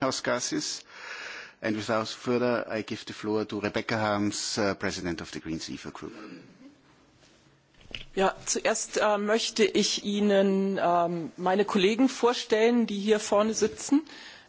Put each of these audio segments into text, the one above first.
greenhouse gases. And without further, I give the floor to Rebecca Harms, uh, President of the Greens EFA Group. Ja, zuerst äh, möchte ich Ihnen ähm, meine Kollegen vorstellen, die hier vorne sitzen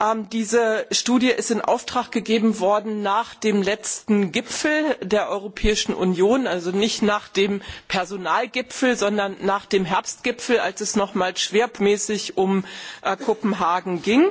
Ähm, diese studie ist in auftrag gegeben worden nach dem letzten gipfel der europäischen union also nicht nach dem personalgipfel sondern nach dem herbstgipfel als es nochmals schwerpunktmäßig um äh, kopenhagen ging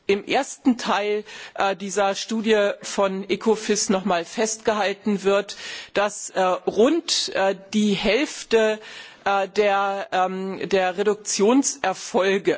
im ersten teil äh, dieser studie von ecofin noch einmal festgehalten wird dass äh, rund äh, die hälfte ähm, der reduktionserfolge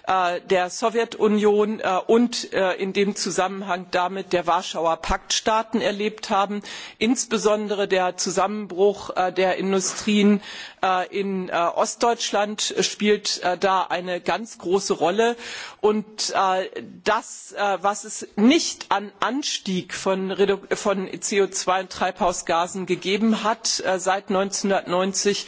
Äh, der sowjetunion äh, und äh, in dem zusammenhang damit der warschauer pakt staaten erlebt haben insbesondere der zusammenbruch der industrien in ostdeutschland spielt da eine ganz große rolle und äh, das äh, was es nicht an anstieg von, co zwei und treibhausgasen gegeben hat äh, seit eintausendneunhundertneunzig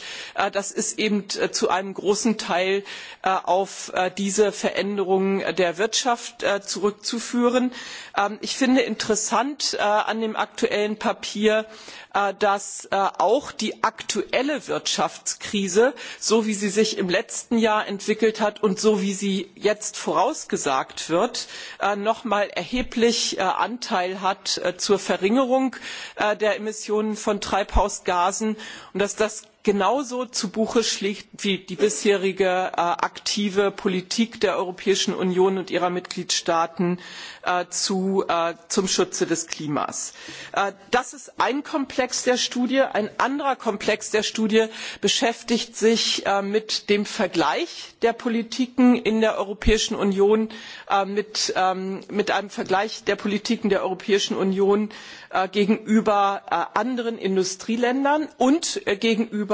ist eben zu einem großen teil auf diese veränderungen der wirtschaft zurückzuführen. Ähm, ich finde interessant an dem aktuellen papier dass auch die aktuelle wirtschaftskrise so wie sie sich im letzten jahr entwickelt hat und so wie sie jetzt vorausgesagt wird äh, noch einmal erheblich äh, anteil hat äh, zur verringerung der emissionen von treibhausgasen und dass das genauso zu buche schlägt wie die bisherige äh, aktive politik der europäischen union und ihrer mitgliedstaaten äh, äh, zum schutze des klimas. das ist ein komplex der studie. ein anderer komplex der studie beschäftigt sich mit dem vergleich der politiken in der europäischen union ähm, mit einem vergleich der politiken der europäischen union gegenüber anderen industrieländern und gegenüber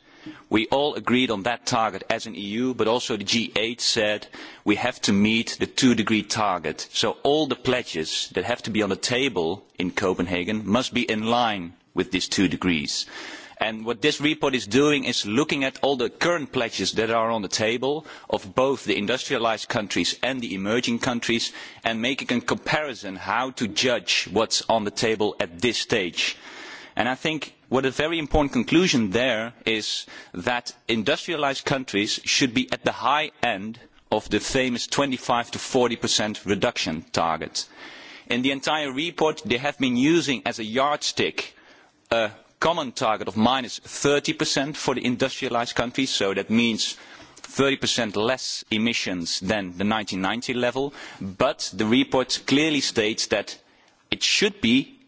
We all agreed on that target as an EU, but also the G8 said we have to meet the two-degree target. So all the pledges that have to be on the table in Copenhagen must be in line with these two degrees. And what this report is doing is looking at all the current pledges that are on the table of both the industrialized countries and the emerging countries and making a comparison how to judge what's on the table at this stage. And I think that a very important conclusion there is that industrialised countries should be at the high end of the famous twenty five to forty reduction target. In the entire report, they have been using as a yardstick a common target of minus thirty for the industrialised countries, so that means thirty less emissions than the one thousand nine hundred and ninety level, but the report clearly states that it should be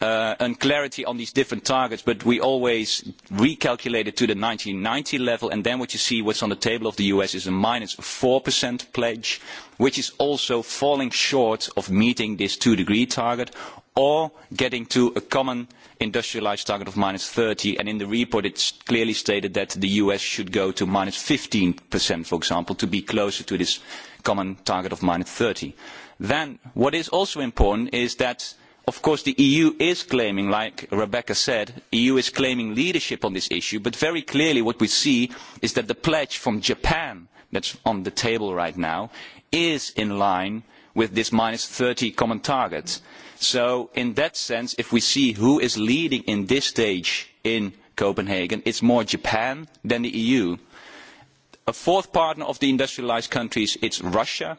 Uh, and clarity on these different targets, but we always recalculate it to the 1990 level, and then what you see what's on the table of the US is a minus 4% pledge, which is also falling short of meeting this 2-degree target, or getting to a common industrialized target of minus 30. And in the report, it's clearly stated that the US should go to minus 15%, for example, to be closer to this common target of minus 30. Then what is also important is that of course the eu is claiming like rebecca said eu is claiming leadership on this issue but very clearly what we see is that the pledge from japan that's on the table right now is in line with this minus 30 common target so in that sense if we see who is leading in this stage in copenhagen it's more japan than the eu a fourth partner of the industrialized countries is russia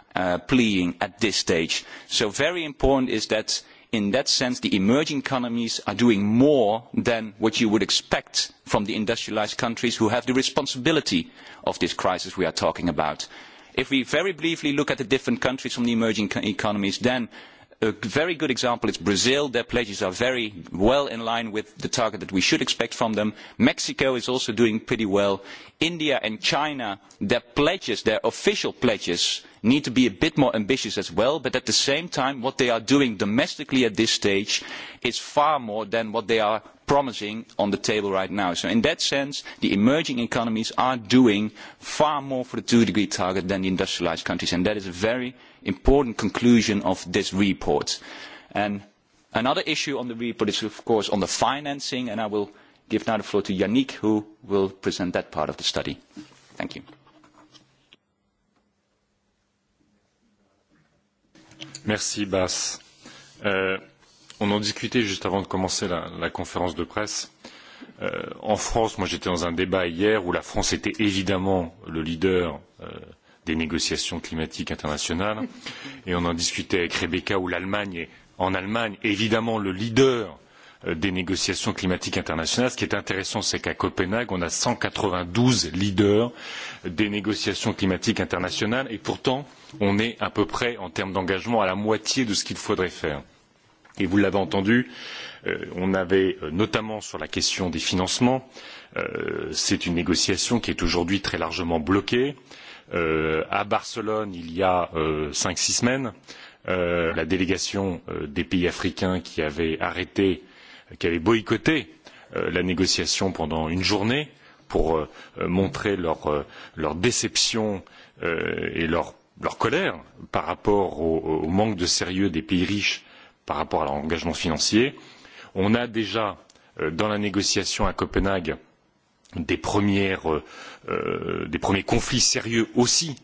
Uh, pleading at this stage. So very important is that in that sense the emerging economies are doing more than what you would expect from the industrialized countries who have the responsibility of this crisis we are talking about. If we very briefly look at the different countries from the emerging economies, then a very good example is Brazil. Their pledges are very well in line with the target that we should expect from them. Mexico is also doing pretty well. India and China, their pledges, their official pledges, need to be a bit more ambitious as well but at the same time what they are doing domestically at this stage is far more than what they are promising on the table right now. So in that sense, the emerging economies are doing far more for the two-degree target than the industrialized countries, and that is a very important conclusion of this report. And another issue on the report is, of course, on the financing, and I will give now the floor to Yannick, who will present that part of the study. Thank you. Merci Bas. Euh, on en discutait juste avant de commencer la, la conférence de presse. Euh, en France, moi j'étais dans un débat hier où la France était évidemment le leader euh, des négociations climatiques internationales et on en discutait avec Rebecca où l'Allemagne est en Allemagne évidemment le leader euh, des négociations climatiques internationales. Ce qui est intéressant, c'est qu'à Copenhague, on a 192 leaders des négociations climatiques internationales et pourtant, on est à peu près, en termes d'engagement, à la moitié de ce qu'il faudrait faire. Et vous l'avez entendu, euh, on avait euh, notamment sur la question des financements, euh, c'est une négociation qui est aujourd'hui très largement bloquée. Euh, à Barcelone, il y a euh, 5-6 semaines, euh, la délégation euh, des pays africains qui avait arrêté euh, qui avaient boycotté euh, la négociation pendant une journée pour euh, montrer leur, euh, leur déception et leur, leur colère par rapport au, au manque de sérieux des pays riches par rapport à leur engagement financier. On a déjà dans la négociation à Copenhague des, premières, euh, des premiers conflits sérieux aussi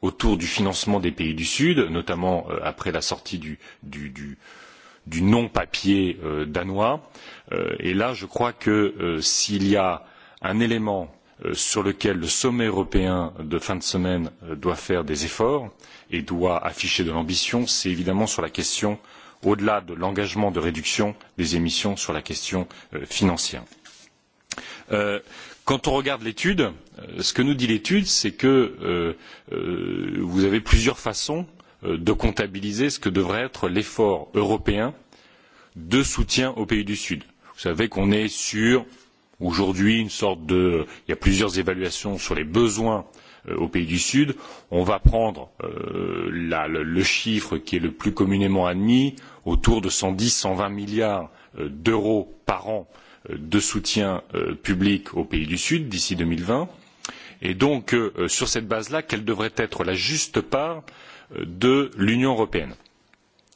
autour du financement des pays du Sud, notamment euh, après la sortie du, du, du, euh, du non papier euh, danois euh, et là je crois que euh, s'il y a un élément euh, sur lequel le sommet européen de fin de semaine euh, doit faire des efforts et doit afficher de l'ambition c'est évidemment sur la question au delà de l'engagement de réduction des émissions sur la question euh, financière. Quand on regarde l'étude, ce que nous dit l'étude, c'est que euh, vous avez plusieurs façons de comptabiliser ce que devrait être l'effort européen de soutien aux pays du Sud. Vous savez qu'on est sur aujourd'hui une sorte de il y a plusieurs évaluations sur les besoins euh, aux pays du Sud. On va prendre euh, la, le, le chiffre qui est le plus communément admis autour de 110 120 milliards euh, d'euros par an euh, de soutien euh, public aux pays du Sud d'ici 2020. Et donc euh, sur cette base-là, quelle devrait être la juste part euh, de l'Union européenne.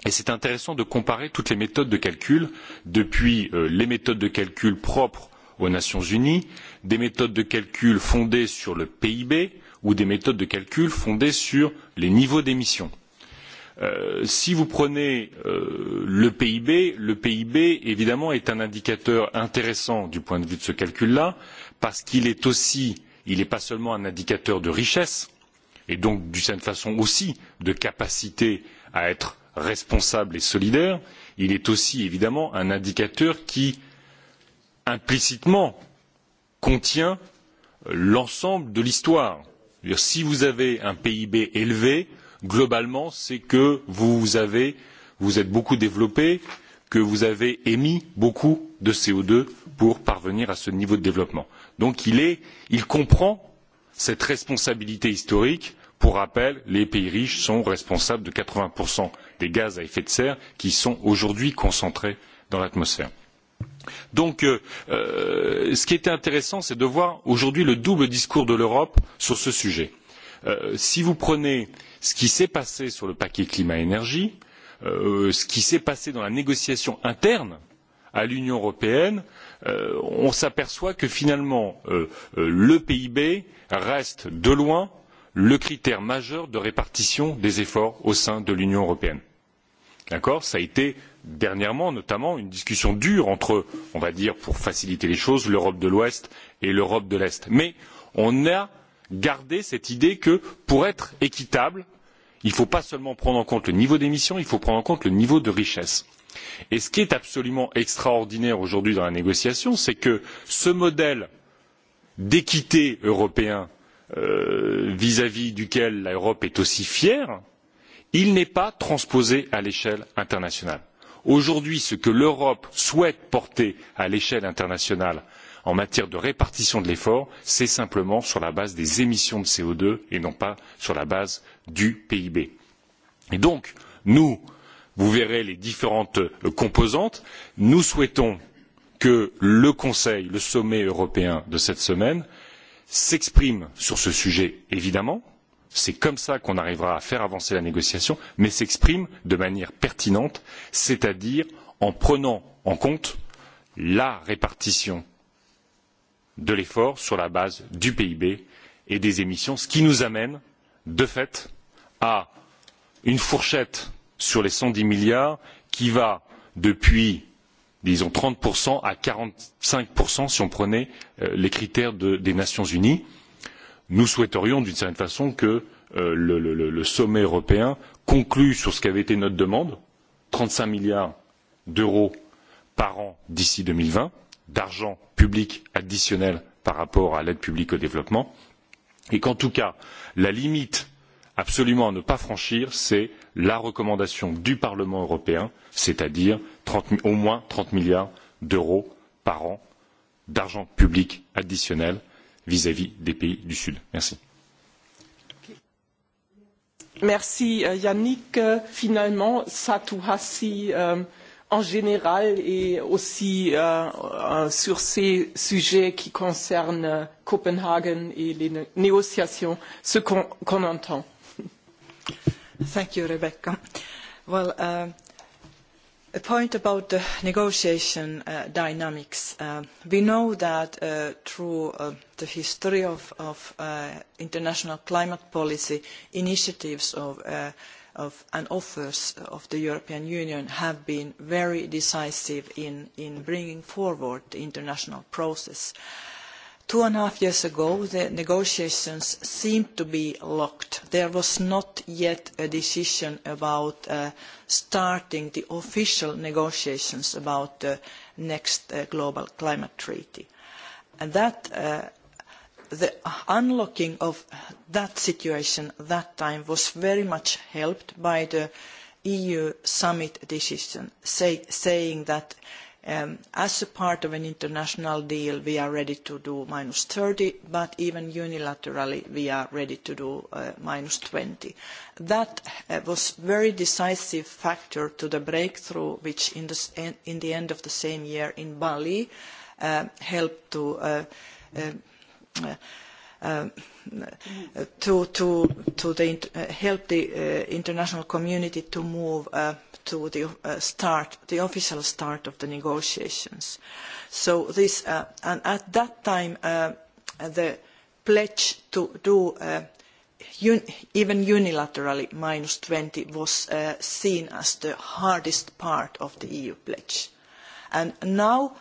Et c'est intéressant de comparer toutes les méthodes de calcul, depuis euh, les méthodes de calcul propres aux Nations Unies, des méthodes de calcul fondées sur le PIB ou des méthodes de calcul fondées sur les niveaux d'émissions. Euh, si vous prenez euh, le PIB, le PIB évidemment est un indicateur intéressant du point de vue de ce calcul-là, parce qu'il est aussi, il n'est pas seulement un indicateur de richesse, et donc d'une certaine façon aussi de capacité à être responsable et solidaire, il est aussi évidemment un indicateur qui implicitement contient l'ensemble de l'histoire. Si vous avez un PIB élevé, globalement, c'est que vous avez, vous êtes beaucoup développé, que vous avez émis beaucoup de CO2 pour parvenir à ce niveau de développement. Donc il, est, il comprend cette responsabilité historique pour rappel les pays riches sont responsables de quatre vingts des gaz à effet de serre qui sont aujourd'hui concentrés dans l'atmosphère. donc euh, euh, ce qui était intéressant c'est de voir aujourd'hui le double discours de l'europe sur ce sujet. Euh, si vous prenez ce qui s'est passé sur le paquet climat énergie euh, ce qui s'est passé dans la négociation interne à l'union européenne euh, on s'aperçoit que finalement euh, le pib reste de loin le critère majeur de répartition des efforts au sein de l'union européenne. D'accord Ça a été dernièrement notamment une discussion dure entre, on va dire, pour faciliter les choses, l'Europe de l'Ouest et l'Europe de l'Est. Mais on a gardé cette idée que pour être équitable, il ne faut pas seulement prendre en compte le niveau d'émission, il faut prendre en compte le niveau de richesse. Et ce qui est absolument extraordinaire aujourd'hui dans la négociation, c'est que ce modèle d'équité européen vis à vis duquel l'europe est aussi fière il n'est pas transposé à l'échelle internationale. aujourd'hui ce que l'europe souhaite porter à l'échelle internationale en matière de répartition de l'effort c'est simplement sur la base des émissions de co deux et non pas sur la base du pib. et donc nous vous verrez les différentes composantes nous souhaitons que le conseil le sommet européen de cette semaine s'exprime sur ce sujet, évidemment, c'est comme ça qu'on arrivera à faire avancer la négociation, mais s'exprime de manière pertinente, c'est-à-dire en prenant en compte la répartition de l'effort sur la base du PIB et des émissions, ce qui nous amène, de fait, à une fourchette sur les 110 milliards qui va depuis disons 30% à 45% si on prenait euh, les critères de, des Nations Unies. Nous souhaiterions d'une certaine façon que euh, le, le, le sommet européen conclue sur ce qu'avait été notre demande, 35 milliards d'euros par an d'ici 2020, d'argent public additionnel par rapport à l'aide publique au développement, et qu'en tout cas, la limite euh, absolument à ne pas franchir c'est la recommandation du parlement européen c'est à dire 30, au moins trente milliards d'euros par an d'argent public additionnel vis à vis des pays du sud. merci. merci euh, yannick. Euh, finalement satu euh, en général et aussi euh, euh, sur ces sujets qui concernent copenhague et les négociations ce qu'on qu entend. Uh, a point about the negotiation uh, dynamics. Uh, we know that through the history of, international climate policy, initiatives and offers of the European Union have been very decisive in, bringing forward the international process two and a half years ago, the negotiations seemed to be locked. There was not yet a decision about uh, starting the official negotiations about the next uh, global climate treaty. And that, uh, the unlocking of that situation that time was very much helped by the EU summit decision say, saying that Um, as a part of an international deal, we are ready to do minus 30, but even unilaterally, we are ready to do uh, minus 20. That uh, was very decisive factor to the breakthrough, which in the, end of the same year in Bali uh, helped to um, Um, to, to, to the, uh, help the uh, international community to move uh, to the uh, start, the official start of the negotiations. So this, uh, and at that time, uh, the pledge to do un, even unilaterally minus 20 was seen as the hardest part of the EU pledge. And now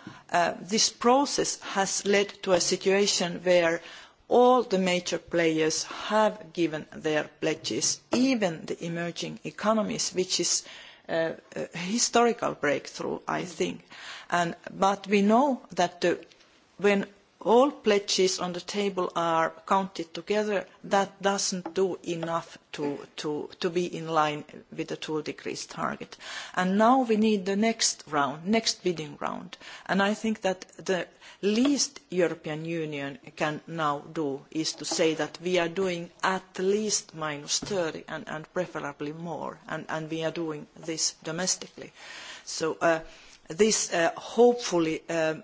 this process has led to a situation where all the major players have given their pledges, even the emerging economies, which is uh, a, historical breakthrough, I think. And, but we know that the, uh, when all pledges on the table are counted together, that doesn't do enough to, to, to be in line with the two degrees target. And now we need the next round, next bidding round. And I think that the least European Union can now do is to say that we are doing at least minus 30 and, and preferably more, and, and we are doing this domestically. So uh, this uh, hopefully um,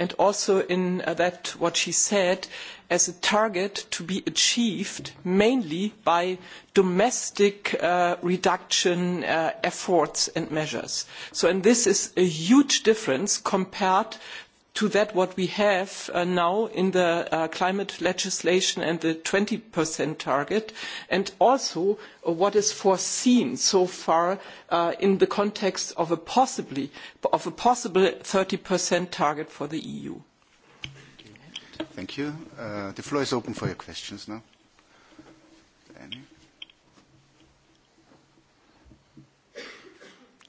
and also in uh, that what she said as a target to be achieved mainly by domestic uh, reduction uh, efforts and measures. So, and this is a huge difference compared to that what we have uh, now in the uh, climate legislation and the 20% target, and also uh, what is foreseen so far uh, in the context of a possibly of a possible 30% target for the EU. Thank you. Uh, the floor is open for your questions now. Any?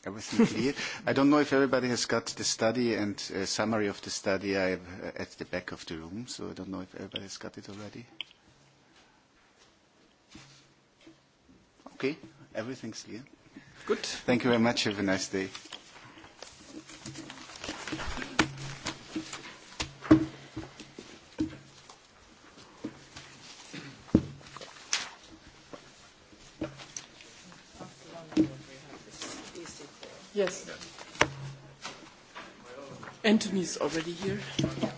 Everything clear? I don't know if everybody has got the study and uh, summary of the study I have uh, at the back of the room, so I don't know if everybody has got it already. Okay, everything's clear. Good. Thank you very much. Have a nice day. Yes. Anthony is already here. Yeah.